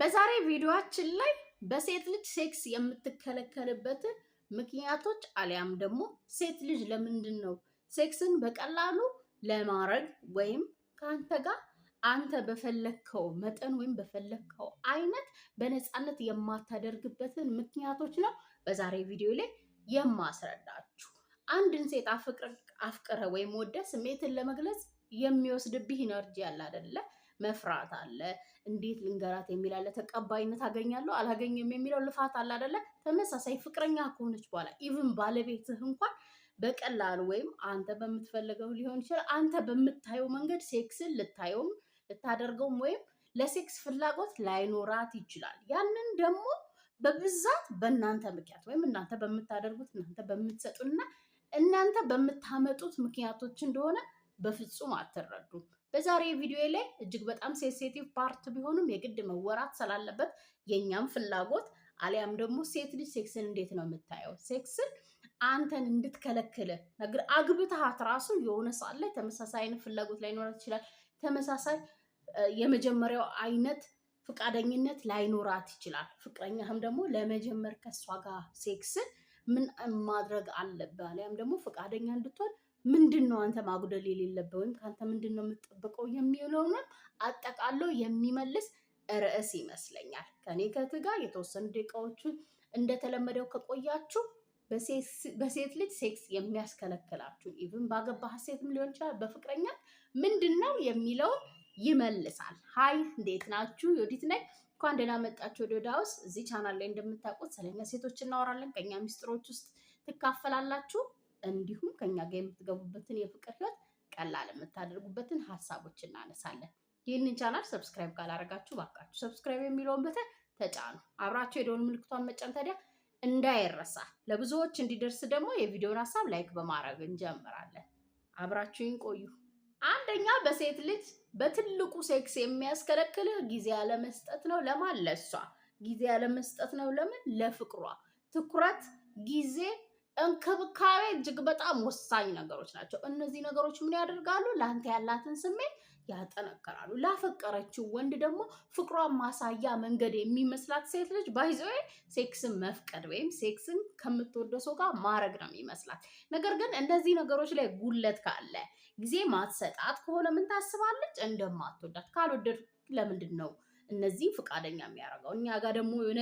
በዛሬ ቪዲዮአችን ላይ በሴት ልጅ ሴክስ የምትከለከልበትን ምክንያቶች አሊያም ደግሞ ሴት ልጅ ለምንድን ነው ሴክስን በቀላሉ ለማድረግ ወይም ከአንተ ጋር አንተ በፈለግከው መጠን ወይም በፈለግከው አይነት በነፃነት የማታደርግበትን ምክንያቶች ነው በዛሬ ቪዲዮ ላይ የማስረዳችሁ። አንድን ሴት አፍቅረ ወይም ወደ ስሜትን ለመግለጽ የሚወስድብህ ኢነርጂ ያለ አይደለ? መፍራት አለ እንዴት ልንገራት አለ። ተቀባይነት አገኛለሁ አላገኘም የሚለው ልፋት አለ አይደለ? ተመሳሳይ ፍቅረኛ ከሆነች በኋላ ኢቭን ባለቤትህ እንኳን በቀላሉ ወይም አንተ በምትፈልገው ሊሆን ይችላል አንተ በምታየው መንገድ ሴክስን ልታየውም ልታደርገውም ወይም ለሴክስ ፍላጎት ላይኖራት ይችላል። ያንን ደግሞ በብዛት በእናንተ ምክንያት ወይም እናንተ በምታደርጉት እናንተ በምትሰጡና እናንተ በምታመጡት ምክንያቶች እንደሆነ በፍጹም አትረዱም። በዛሬ ቪዲዮ ላይ እጅግ በጣም ሴንሴቲቭ ፓርት ቢሆንም የግድ መወራት ስላለበት የእኛም ፍላጎት አሊያም ደግሞ ሴት ልጅ ሴክስን እንዴት ነው የምታየው? ሴክስን አንተን እንድትከለክል ነገር አግብተሃት ራሱ የሆነ ሰዓት ላይ ተመሳሳይ አይነት ፍላጎት ላይኖራት ይችላል። ተመሳሳይ የመጀመሪያው አይነት ፍቃደኝነት ላይኖራት ይችላል። ፍቅረኛህም ደግሞ ለመጀመር ከሷ ጋር ሴክስን ምን ማድረግ አለብህ አሊያም ደግሞ ፍቃደኛ እንድትሆን ምንድን ነው አንተ ማጉደል የሌለብህ ወይም ከአንተ ምንድን ነው የምጠብቀው የሚለውንም አጠቃለው የሚመልስ ርዕስ ይመስለኛል። ከኔ ከት ጋር የተወሰኑ ደቂቃዎችን እንደተለመደው ከቆያችሁ በሴት ልጅ ሴክስ የሚያስከለክላችሁ ኢቭን ባገባህ ሴትም ሊሆን ይችላል በፍቅረኛ ምንድን ነው የሚለውን ይመልሳል። ሀይ እንዴት ናችሁ? ዮዲት ነኝ። እንኳን ደህና መጣችሁ ወደ ዮድ ሃውስ። እዚህ ቻናል ላይ እንደምታውቁት ስለኛ ሴቶች እናወራለን፣ ከኛ ሚስጥሮች ውስጥ ትካፈላላችሁ። እንዲሁም ከኛ ጋር የምትገቡበትን የፍቅር ህይወት ቀላል የምታደርጉበትን ሀሳቦች እናነሳለን። ይህንን ቻናል ሰብስክራይብ ካላደረጋችሁ ባካችሁ ሰብስክራይብ የሚለውን በተን ተጫኑ። አብራችሁ የደወል ምልክቷን መጫን ታዲያ እንዳይረሳ። ለብዙዎች እንዲደርስ ደግሞ የቪዲዮን ሀሳብ ላይክ በማድረግ እንጀምራለን። አብራችሁን ቆዩ። አንደኛ በሴት ልጅ በትልቁ ሴክስ የሚያስከለክልህ ጊዜ ያለመስጠት ነው። ለማን? ለሷ ጊዜ ያለመስጠት ነው። ለምን? ለፍቅሯ ትኩረት ጊዜ እንክብካቤ እጅግ በጣም ወሳኝ ነገሮች ናቸው። እነዚህ ነገሮች ምን ያደርጋሉ? ለአንተ ያላትን ስሜት ያጠነከራሉ። ላፈቀረችው ወንድ ደግሞ ፍቅሯን ማሳያ መንገድ የሚመስላት ሴት ልጅ ባይዘዌ ሴክስን መፍቀድ ወይም ሴክስን ከምትወደው ሰው ጋር ማድረግ ነው የሚመስላት። ነገር ግን እነዚህ ነገሮች ላይ ጉለት ካለ ጊዜ ማትሰጣት ከሆነ ምን ታስባለች? እንደማትወዳት። ካልወደድ ለምንድን ነው እነዚህ ፍቃደኛ የሚያደርገው። እኛ ጋር ደግሞ የሆነ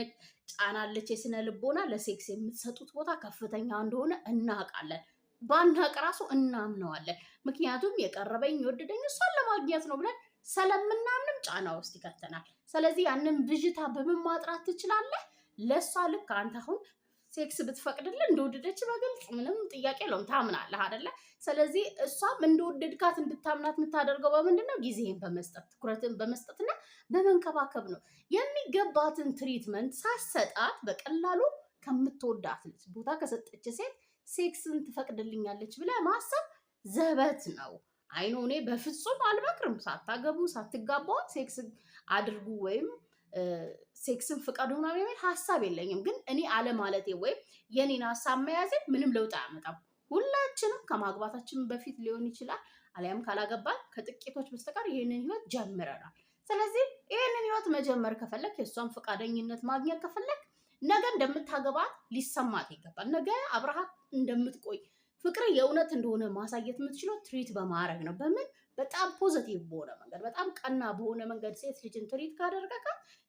ጫናለች የስነ ልቦና ለሴክስ የምትሰጡት ቦታ ከፍተኛ እንደሆነ እናውቃለን። ባናቅ ራሱ እናምነዋለን። ምክንያቱም የቀረበኝ የወደደኝ እሷን ለማግኘት ነው ብለን ስለምናምንም ጫና ውስጥ ይከተናል። ስለዚህ ያንን ብዥታ በምን ማጥራት ትችላለህ? ለእሷ ልክ አንተ አሁን ሴክስ ብትፈቅድልን እንደወደደች በግልጽ ምንም ጥያቄ የለውም ታምናለህ አደለ? ስለዚህ እሷም እንደወደድካት እንድታምናት የምታደርገው በምንድን ነው? ጊዜህን በመስጠት ትኩረትን በመስጠትና በመንከባከብ ነው። የሚገባትን ትሪትመንት ሳሰጣት በቀላሉ ከምትወዳት ልጅ ቦታ ከሰጠች ሴት ሴክስን ትፈቅድልኛለች ብለ ማሰብ ዘበት ነው። አይኖ እኔ በፍጹም አልመክርም። ሳታገቡ ሳትጋባውን ሴክስ አድርጉ ወይም ሴክስን ፍቀዱ ምናምን የሚል ሀሳብ የለኝም። ግን እኔ አለማለቴ ወይም የኔን ሀሳብ መያዜ ምንም ለውጥ አያመጣም። ሁላችንም ከማግባታችን በፊት ሊሆን ይችላል አሊያም ካላገባን ከጥቂቶች በስተቀር ይህንን ህይወት ጀምረናል። ስለዚህ ይህንን ህይወት መጀመር ከፈለግ የእሷን ፈቃደኝነት ማግኘት ከፈለግ ነገ እንደምታገባት ሊሰማት ይገባል። ነገ አብረሃት እንደምትቆይ ፍቅር የእውነት እንደሆነ ማሳየት የምትችለው ትሪት በማድረግ ነው። በምን በጣም ፖዘቲቭ በሆነ መንገድ በጣም ቀና በሆነ መንገድ ሴት ልጅን ትሪት ካደረጋት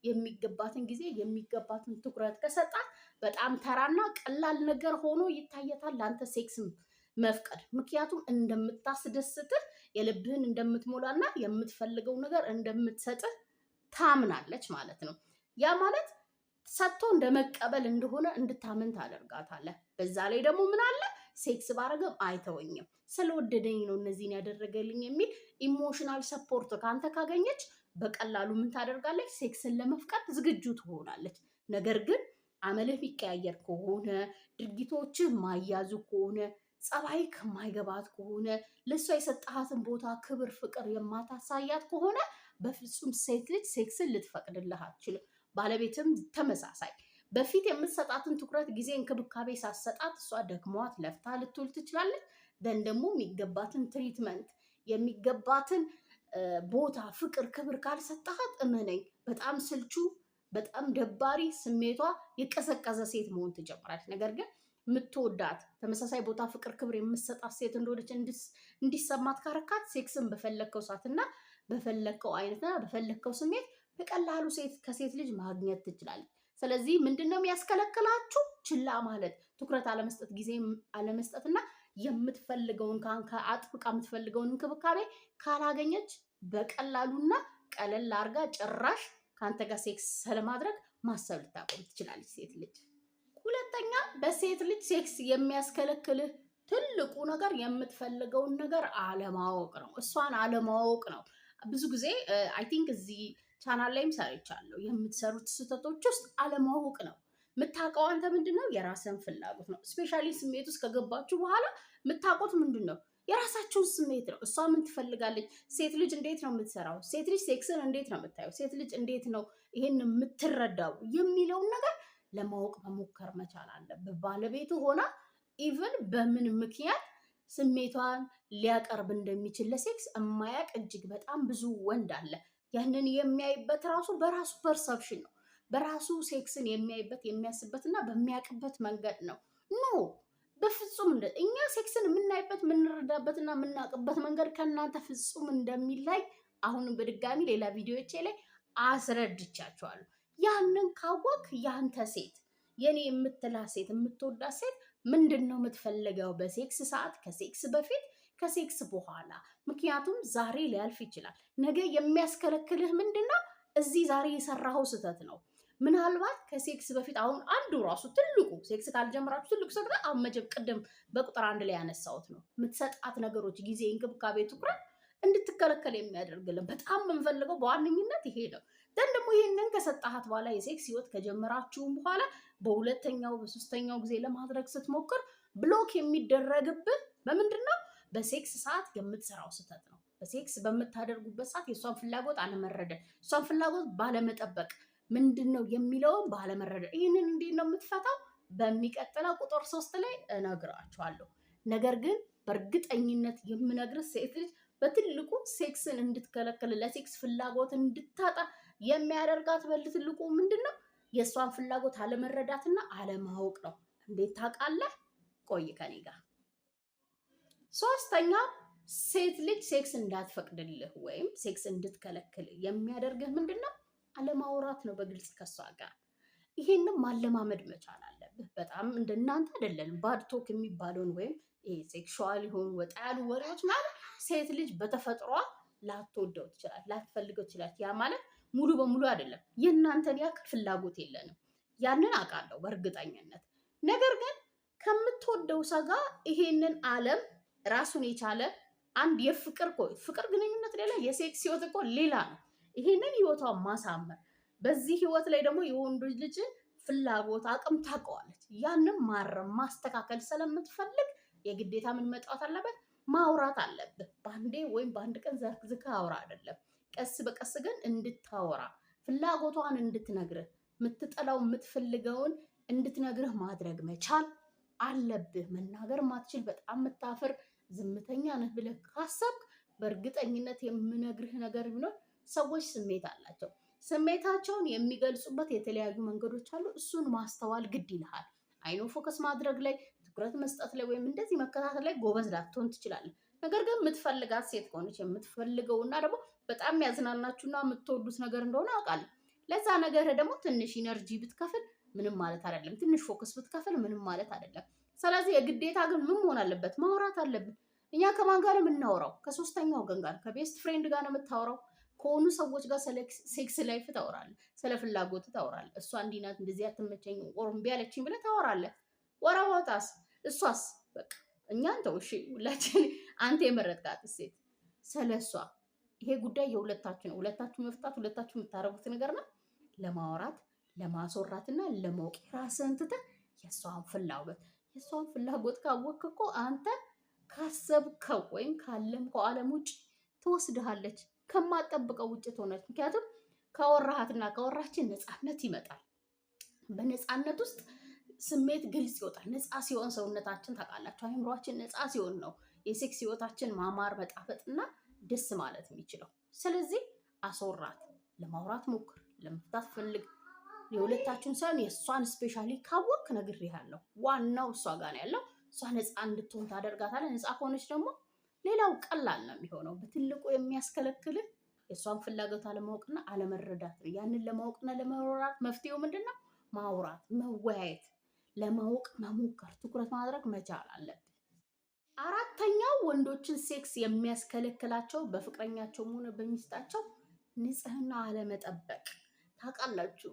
የሚገባትን ጊዜ የሚገባትን ትኩረት ከሰጣት በጣም ተራና ቀላል ነገር ሆኖ ይታየታል። ለአንተ ሴክስም መፍቀድ ምክንያቱም እንደምታስደስትህ የልብህን እንደምትሞላና የምትፈልገው ነገር እንደምትሰጥህ ታምናለች ማለት ነው። ያ ማለት ሰጥቶ እንደመቀበል እንደሆነ እንድታምን ታደርጋታለህ። በዛ ላይ ደግሞ ምን አለ ሴክስ ባረገም አይተወኝም፣ ስለወደደኝ ነው እነዚህን ያደረገልኝ የሚል ኢሞሽናል ሰፖርት ከአንተ ካገኘች በቀላሉ ምን ታደርጋለች? ሴክስን ለመፍቀድ ዝግጁ ትሆናለች። ነገር ግን አመልህ የሚቀያየር ከሆነ ድርጊቶች ማያዙ ከሆነ ጸባይ ከማይገባት ከሆነ ለእሷ የሰጠሃትን ቦታ፣ ክብር፣ ፍቅር የማታሳያት ከሆነ በፍጹም ሴት ልጅ ሴክስን ልትፈቅድልህ አትችልም። ባለቤትም ተመሳሳይ በፊት የምትሰጣትን ትኩረት፣ ጊዜ፣ እንክብካቤ ሳሰጣት እሷ ደክሟት ለፍታ ልትውል ትችላለች። ደን ደግሞ የሚገባትን ትሪትመንት የሚገባትን ቦታ፣ ፍቅር፣ ክብር ካልሰጠሃት እመነኝ በጣም ስልቹ፣ በጣም ደባሪ፣ ስሜቷ የቀዘቀዘ ሴት መሆን ትጀምራለች። ነገር ግን የምትወዳት ተመሳሳይ ቦታ፣ ፍቅር፣ ክብር የምትሰጣት ሴት እንደሆነች እንዲሰማት ካረካት ሴክስን በፈለግከው ሰዓትና በፈለግከው አይነትና በፈለግከው ስሜት በቀላሉ ሴት ከሴት ልጅ ማግኘት ትችላለች። ስለዚህ ምንድን ነው የሚያስከለክላችሁ? ችላ ማለት፣ ትኩረት አለመስጠት፣ ጊዜ አለመስጠትና የምትፈልገውን ከአጥብቃ የምትፈልገውን እንክብካቤ ካላገኘች በቀላሉና ቀለል አድርጋ ጭራሽ ከአንተ ጋር ሴክስ ስለማድረግ ማሰብ ልታቆም ትችላለች ሴት ልጅ። ሁለተኛ በሴት ልጅ ሴክስ የሚያስከለክልህ ትልቁ ነገር የምትፈልገውን ነገር አለማወቅ ነው። እሷን አለማወቅ ነው። ብዙ ጊዜ አይ ቲንክ እዚህ ቻናል ላይም ሰርቻለሁ። የምትሰሩት ስህተቶች ውስጥ አለማወቅ ነው። የምታውቀው አንተ ምንድን ነው? የራስን ፍላጎት ነው። ስፔሻሊ ስሜት ውስጥ ከገባችሁ በኋላ የምታውቁት ምንድን ነው? የራሳችሁን ስሜት ነው። እሷ ምን ትፈልጋለች? ሴት ልጅ እንዴት ነው የምትሰራው? ሴት ልጅ ሴክስን እንዴት ነው የምታየው? ሴት ልጅ እንዴት ነው ይህን የምትረዳው? የሚለውን ነገር ለማወቅ መሞከር መቻል አለብህ። ባለቤቱ ሆና ኢቨን በምን ምክንያት ስሜቷን ሊያቀርብ እንደሚችል ለሴክስ የማያውቅ እጅግ በጣም ብዙ ወንድ አለ። ያንን የሚያይበት ራሱ በራሱ ፐርሰፕሽን ነው። በራሱ ሴክስን የሚያይበት የሚያስበት እና በሚያውቅበት መንገድ ነው። ኖ በፍጹም እንደ እኛ ሴክስን የምናይበት የምንረዳበት እና የምናውቅበት መንገድ ከእናንተ ፍጹም እንደሚላይ አሁንም በድጋሚ ሌላ ቪዲዮቼ ላይ አስረድቻቸዋለሁ። ያንን ካወቅ ያንተ ሴት የኔ የምትላ ሴት የምትወዳት ሴት ምንድን ነው የምትፈልገው በሴክስ ሰዓት ከሴክስ በፊት ከሴክስ በኋላ ምክንያቱም ዛሬ ሊያልፍ ይችላል። ነገ የሚያስከለክልህ ምንድን ነው? እዚህ ዛሬ የሰራኸው ስህተት ነው። ምናልባት ከሴክስ በፊት አሁን አንዱ ራሱ ትልቁ ሴክስ ካልጀመራችሁ ትልቁ ሰግዳ አሁን መጀብ ቅድም በቁጥር አንድ ላይ ያነሳሁት ነው። የምትሰጣት ነገሮች ጊዜ፣ እንክብካቤ፣ ትኩረት እንድትከለከል የሚያደርግልን በጣም የምንፈልገው በዋነኝነት ይሄ ነው። ዘን ደግሞ ይህንን ከሰጣሃት በኋላ የሴክስ ህይወት ከጀመራችሁም በኋላ በሁለተኛው በሶስተኛው ጊዜ ለማድረግ ስትሞክር ብሎክ የሚደረግብህ በምንድን ነው? በሴክስ ሰዓት የምትሰራው ስህተት ነው። በሴክስ በምታደርጉበት ሰዓት የእሷን ፍላጎት አለመረዳት፣ እሷን ፍላጎት ባለመጠበቅ ምንድን ነው የሚለውን ባለመረዳት። ይህንን እንዴት ነው የምትፈታው? በሚቀጥለው ቁጥር ሶስት ላይ እነግራችኋለሁ። ነገር ግን በእርግጠኝነት የምነግርህ ሴት ልጅ በትልቁ ሴክስን እንድትከለክል ለሴክስ ፍላጎት እንድታጣ የሚያደርጋት በትልቁ ምንድን ነው የእሷን ፍላጎት አለመረዳትና አለማወቅ ነው። እንዴት ታውቃለህ? ቆይ ከኔ ጋር ሶስተኛ ሴት ልጅ ሴክስ እንዳትፈቅድልህ ወይም ሴክስ እንድትከለክል የሚያደርግህ ምንድን ነው? አለማውራት ነው በግልጽ ከሷ ጋር። ይሄንም ማለማመድ መቻል አለብህ። በጣም እንደናንተ አይደለንም። ባድቶክ የሚባለውን ወይም ሴክሹዋል የሆኑ ወጣ ያሉ ወሬዎች ማለት ሴት ልጅ በተፈጥሯ ላትወደው ትችላለች፣ ላትፈልገው ትችላለች። ያ ማለት ሙሉ በሙሉ አይደለም። የእናንተን ያክል ፍላጎት የለንም። ያንን አውቃለሁ በእርግጠኝነት ነገር ግን ከምትወደው ሰጋ ይሄንን አለም ራሱን የቻለ አንድ የፍቅር እኮ ፍቅር ግንኙነት ሌላ፣ የሴክስ ህይወት እኮ ሌላ ነው። ይሄንን ህይወቷን ማሳመር በዚህ ህይወት ላይ ደግሞ የወንዱ ልጅ ፍላጎት አቅም ታውቀዋለች። ያንም ማረም ማስተካከል ስለምትፈልግ የግዴታ ምን መጫወት አለበት ማውራት አለብህ። በአንዴ ወይም በአንድ ቀን ዘርዝካ አውራ አይደለም፣ ቀስ በቀስ ግን እንድታወራ ፍላጎቷን እንድትነግርህ የምትጠላው የምትፈልገውን እንድትነግርህ ማድረግ መቻል አለብህ። መናገር ማትችል በጣም የምታፍር ዝምተኛ ነህ ብለህ ካሰብክ በእርግጠኝነት የምነግርህ ነገር ቢኖር ሰዎች ስሜት አላቸው። ስሜታቸውን የሚገልጹበት የተለያዩ መንገዶች አሉ። እሱን ማስተዋል ግድ ይልሃል። አይኖ ፎከስ ማድረግ ላይ ትኩረት መስጠት ላይ ወይም እንደዚህ መከታተል ላይ ጎበዝ ላትሆን ትችላለህ። ነገር ግን የምትፈልጋት ሴት ከሆነች የምትፈልገው እና ደግሞ በጣም ያዝናናችሁና የምትወዱት ነገር እንደሆነ አውቃለሁ። ለዛ ነገር ደግሞ ትንሽ ኢነርጂ ብትከፍል ምንም ማለት አይደለም። ትንሽ ፎከስ ብትከፍል ምንም ማለት አይደለም። ስለዚህ የግዴታ ግን ምን መሆን አለበት? ማውራት አለብን። እኛ ከማን ጋር የምናወራው? ከሶስተኛ ወገን ጋር፣ ከቤስት ፍሬንድ ጋር ነው የምታወራው። ከሆኑ ሰዎች ጋር ስለ ሴክስ ላይፍ ታወራለህ፣ ስለ ፍላጎት ታወራለህ። እሷ እንዲህ ናት፣ እንደዚህ አትመቸኝ፣ ኦርም ቢያለችኝ ብለህ ታወራለህ። ወራዋታስ እሷስ በቃ እኛን ተው እሺ፣ ሁላችን አንተ የመረጥካት ሴት ስለ እሷ ይሄ ጉዳይ የሁለታችሁ ነው። ሁለታችሁ መፍታት ሁለታችሁ የምታረጉት ነገር ነው። ለማውራት ለማስወራትና ለማወቅ ራስህን ትተህ የእሷን ፍላጎት የእሷን ፍላጎት ካወቅክ እኮ አንተ ካሰብከው ወይም ካለምከው ዓለም ውጭ ትወስድሃለች፣ ከማጠብቀው ውጭ ትሆናለች። ምክንያቱም ካወራሃትና ካወራችን ነፃነት ይመጣል። በነፃነት ውስጥ ስሜት ግልጽ ይወጣል። ነፃ ሲሆን ሰውነታችን ታውቃላችሁ፣ አእምሯችን ነፃ ሲሆን ነው የሴክስ ህይወታችን ማማር መጣፈጥና ደስ ማለት የሚችለው። ስለዚህ አስወራት፣ ለማውራት ሞክር፣ ለመፍታት ፈልግ የሁለታችሁን ሳይሆን የእሷን ስፔሻሊ ካወቅ ነግር ያለው ዋናው እሷ ጋር ነው ያለው። እሷ ነፃ እንድትሆን ታደርጋታለህ። ነፃ ከሆነች ደግሞ ሌላው ቀላል ነው የሚሆነው። በትልቁ የሚያስከለክልህ የእሷን ፍላጎት አለማወቅና አለመረዳት ነው። ያንን ለማወቅና ለመራት መፍትሄው ምንድን ነው? ማውራት፣ መወያየት፣ ለማወቅ መሞከር፣ ትኩረት ማድረግ መቻል አለብን። አራተኛው ወንዶችን ሴክስ የሚያስከለክላቸው በፍቅረኛቸውም ሆነ በሚስታቸው ንጽህና አለመጠበቅ ታውቃላችሁ።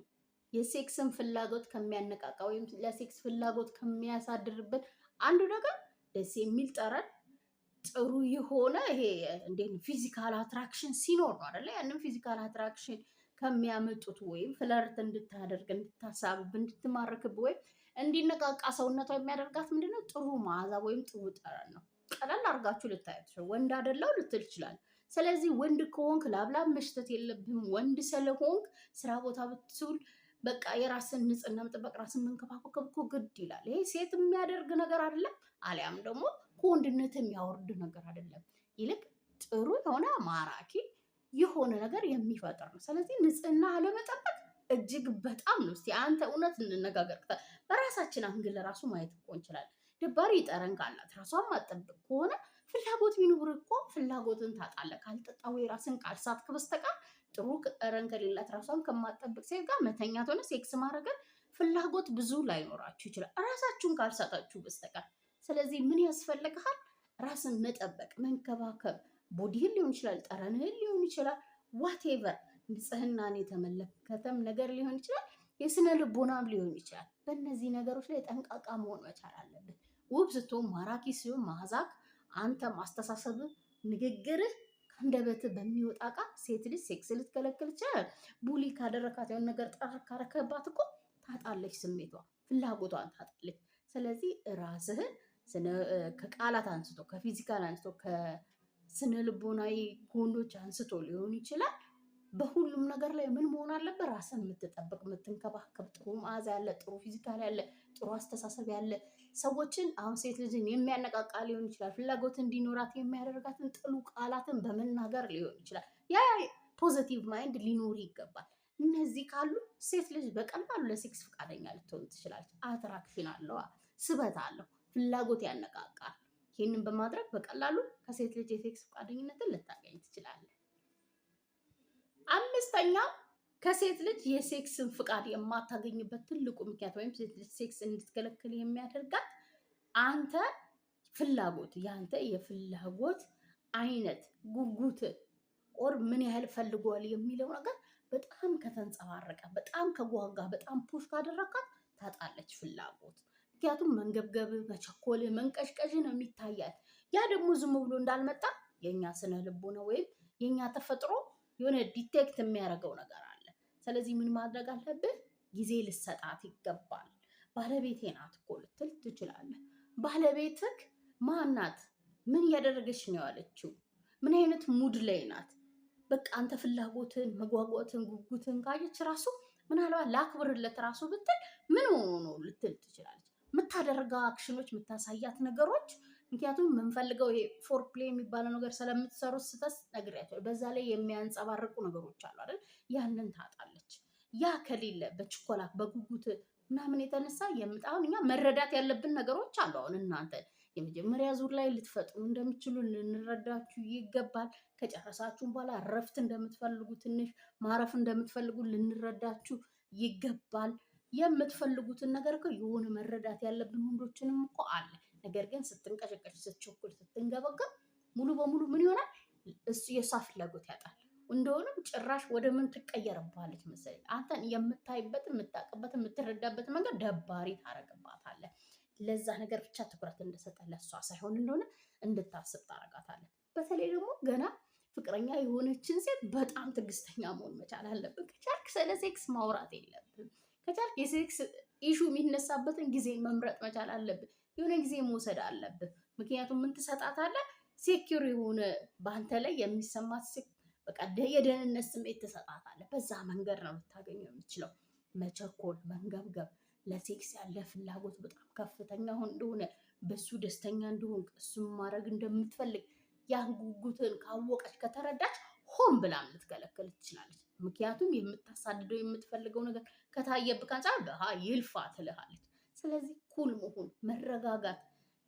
የሴክስን ፍላጎት ከሚያነቃቃ ወይም ለሴክስ ፍላጎት ከሚያሳድርበት አንዱ ነገር ደስ የሚል ጠረን፣ ጥሩ የሆነ ይሄ እንዴት ፊዚካል አትራክሽን ሲኖር ነው አይደለ? ያንም ፊዚካል አትራክሽን ከሚያመጡት ወይም ፍለርት እንድታደርግ እንድታሳብብ፣ እንድትማርክብ ወይም እንዲነቃቃ ሰውነቷ የሚያደርጋት ምንድነው? ጥሩ መዓዛ ወይም ጥሩ ጠረን ነው። ቀለል አድርጋችሁ ልታያቸው ወንድ አደለው ልትል ይችላል። ስለዚህ ወንድ ከሆንክ ላብላብ መሽተት የለብህም። ወንድ ስለሆንክ ስራ ቦታ ብትውል በቃ የራስን ንጽህና መጠበቅ ራስን መንከባከብ እኮ ግድ ይላል። ይሄ ሴት የሚያደርግ ነገር አይደለም፣ አሊያም ደግሞ ከወንድነት የሚያወርድ ነገር አይደለም። ይልቅ ጥሩ የሆነ ማራኪ የሆነ ነገር የሚፈጥር ነው። ስለዚህ ንጽህና አለመጠበቅ እጅግ በጣም ነው። እስኪ አንተ እውነት እንነጋገር። በራሳችን አንግል ራሱ ማየት እኮ እንችላለን። ደባሪ ጠረን ካላት ራሷን ማጠበቅ ከሆነ ፍላጎት ቢኖር እኮ ፍላጎትን ታጣለህ። ካልጠጣ ወይ ራስን ካልሳትክ በስተቀር ጥሩ ቀረን ከሌላት ራሷን ከማጠብቅ ሴት ጋር መተኛት ሆነ ሴክስ ማድረግን ፍላጎት ብዙ ላይኖራችሁ ይችላል፣ ራሳችሁን ካልሳጣችሁ በስተቀር። ስለዚህ ምን ያስፈልግሃል? ራስን መጠበቅ፣ መንከባከብ። ቦዲህን ሊሆን ይችላል፣ ጠረንህን ሊሆን ይችላል፣ ዋቴቨር ንጽህናን የተመለከተም ነገር ሊሆን ይችላል፣ የስነ ልቦናም ሊሆን ይችላል። በእነዚህ ነገሮች ላይ ጠንቃቃ መሆን መቻል አለብን። ውብ ስትሆን ማራኪ ሲሆን ማዛክ አንተም አስተሳሰብ ንግግርህ ከአንደበት በሚወጣ እቃ ሴት ልጅ ሴክስ ልትከለክል ይችላል። ቡሊ ካደረካት የሆነ ነገር ጠር ካረከባት እኮ ታጣለች፣ ስሜቷ ፍላጎቷን ታጣለች። ስለዚህ ራስህን ከቃላት አንስቶ ከፊዚካል አንስቶ ከስነ ልቦናዊ ጎንዶች አንስቶ ሊሆን ይችላል። በሁሉም ነገር ላይ ምን መሆን አለበት? ራስን የምትጠብቅ የምትንከባከብ፣ ጥሩ መዓዛ ያለ ጥሩ ፊዚካል ያለ ጥሩ አስተሳሰብ ያለ ሰዎችን አሁን ሴት ልጅን የሚያነቃቃ ሊሆን ይችላል። ፍላጎት እንዲኖራት የሚያደርጋትን ጥሉ ቃላትን በመናገር ሊሆን ይችላል። ያ ፖዘቲቭ ማይንድ ሊኖር ይገባል። እነዚህ ካሉ ሴት ልጅ በቀላሉ ለሴክስ ፈቃደኛ ልትሆን ትችላለች። አትራክሽን አለዋ፣ ስበት አለው፣ ፍላጎት ያነቃቃል። ይህንን በማድረግ በቀላሉ ከሴት ልጅ የሴክስ ፈቃደኝነትን ልታገኝ ትችላለች። አምስተኛው ከሴት ልጅ የሴክስን ፍቃድ የማታገኝበት ትልቁ ምክንያት ወይም ሴት ልጅ ሴክስ እንድትከለክል የሚያደርጋት አንተ ፍላጎት የአንተ የፍላጎት አይነት ጉጉት ኦር ምን ያህል ፈልጓል የሚለው ነገር በጣም ከተንጸባረቀ፣ በጣም ከጓጋ፣ በጣም ፑሽ ካደረካት ታጣለች ፍላጎት። ምክንያቱም መንገብገብ፣ መቸኮል፣ መንቀሽቀሽ ነው የሚታያት። ያ ደግሞ ዝም ብሎ እንዳልመጣ የእኛ ስነ ነው ወይም የእኛ ተፈጥሮ የሆነ ዲቴክት የሚያደርገው ነገር አለ። ስለዚህ ምን ማድረግ አለብህ? ጊዜ ልሰጣት ይገባል። ባለቤቴ ናት እኮ ልትል ትችላለህ። ባለቤትህ ማናት? ምን እያደረገች ነው ያለችው? ምን አይነት ሙድ ላይ ናት? በቃ አንተ ፍላጎትን፣ መጓጓትን፣ ጉጉትን ካየች ራሱ ምናልባት ላክብርለት ራሱ ብትል ምን ሆኖ ነው ልትል ትችላለች። የምታደርጋ አክሽኖች፣ የምታሳያት ነገሮች ምክንያቱም የምንፈልገው ይሄ ፎር ፕሌ የሚባለው ነገር ስለምትሰሩ ስተስ ነግሬያቸዋለሁ። በዛ ላይ የሚያንጸባርቁ ነገሮች አሉ አይደል? ያንን ታጣለች። ያ ከሌለ በችኮላ በጉጉት ምናምን የተነሳ የምጣሁን እኛ መረዳት ያለብን ነገሮች አሉ። አሁን እናንተ የመጀመሪያ ዙር ላይ ልትፈጥሩ እንደምችሉ ልንረዳችሁ ይገባል። ከጨረሳችሁም በኋላ እረፍት እንደምትፈልጉ ትንሽ ማረፍ እንደምትፈልጉ ልንረዳችሁ ይገባል። የምትፈልጉትን ነገር እኮ የሆነ መረዳት ያለብን ወንዶችንም እኮ አለ ነገር ግን ስትንቀሸቀሽ፣ ስትቸኩል፣ ስትንገበገብ ሙሉ በሙሉ ምን ይሆናል? እሱ የእሷ ፍላጎት ያጣል። እንደሆነም ጭራሽ ወደ ምን ትቀየርብሃለች መሰለኝ? አንተን የምታይበት የምታውቅበት የምትረዳበት መንገድ ደባሪ ታረግባታለህ። ለዛ ነገር ብቻ ትኩረት እንደሰጠ ለእሷ ሳይሆን እንደሆነ እንድታስብ ታረጋታለህ። በተለይ ደግሞ ገና ፍቅረኛ የሆነችን ሴት በጣም ትዕግስተኛ መሆን መቻል አለብን። ከቻልክ ስለ ሴክስ ማውራት የለብን። ከቻልክ የሴክስ ኢሹ የሚነሳበትን ጊዜ መምረጥ መቻል አለብን። የሆነ ጊዜ መውሰድ አለብህ። ምክንያቱም ምን ትሰጣታለህ? ሴኪር የሆነ በአንተ ላይ የሚሰማት በቃ የደህንነት ስሜት ትሰጣታለህ። በዛ መንገድ ነው ልታገኘው የምችለው። መቸኮል፣ መንገብገብ፣ ለሴክስ ያለ ፍላጎት በጣም ከፍተኛ እንደሆነ በሱ ደስተኛ እንደሆን እሱም ማድረግ እንደምትፈልግ ያን ጉጉትን ካወቀች ከተረዳች ሆን ብላ ልትከለከል ትችላለች። ምክንያቱም የምታሳድደው የምትፈልገው ነገር ከታየብህ አንጻር ይልፋ ትልሃለች። ስለዚህ ኩል መሆን፣ መረጋጋት፣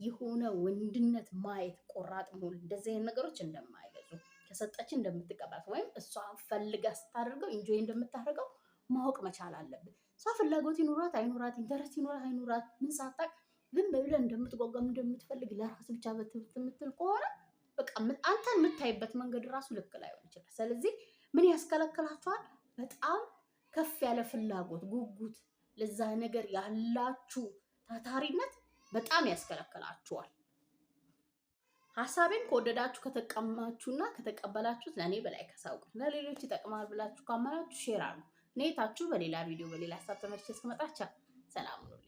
የሆነ ወንድነት ማየት፣ ቆራጥ መሆን እንደዚህ አይነት ነገሮች እንደማይበዙ ከሰጠችን እንደምትቀባት ወይም እሷ ፈልጋ ስታደርገው ኢንጆይ እንደምታደርገው ማወቅ መቻል አለብን። እሷ ፍላጎት ይኑራት አይኑራት፣ ኢንተረስት ይኑራት አይኑራት፣ ምን ሳታቅ ግን በብለን እንደምትጓጓም እንደምትፈልግ ለራስ ብቻ በትምህርት የምትል ከሆነ በቃ አንተን የምታይበት መንገድ ራሱ ልክ ላይሆን ይችላል። ስለዚህ ምን ያስከለክላችኋል? በጣም ከፍ ያለ ፍላጎት ጉጉት ለዛ ነገር ያላችሁ ታታሪነት በጣም ያስከለክላችኋል። ሀሳቤን ከወደዳችሁ ከተቀማችሁና ከተቀበላችሁት ለእኔ በላይ ከሳውቁ ለሌሎች ይጠቅማል ብላችሁ ካመናችሁ ሼር አሉ። እኔ ታችሁ በሌላ ቪዲዮ በሌላ ሀሳብ ተመልሼ እስክመጣ ሰላም ነው።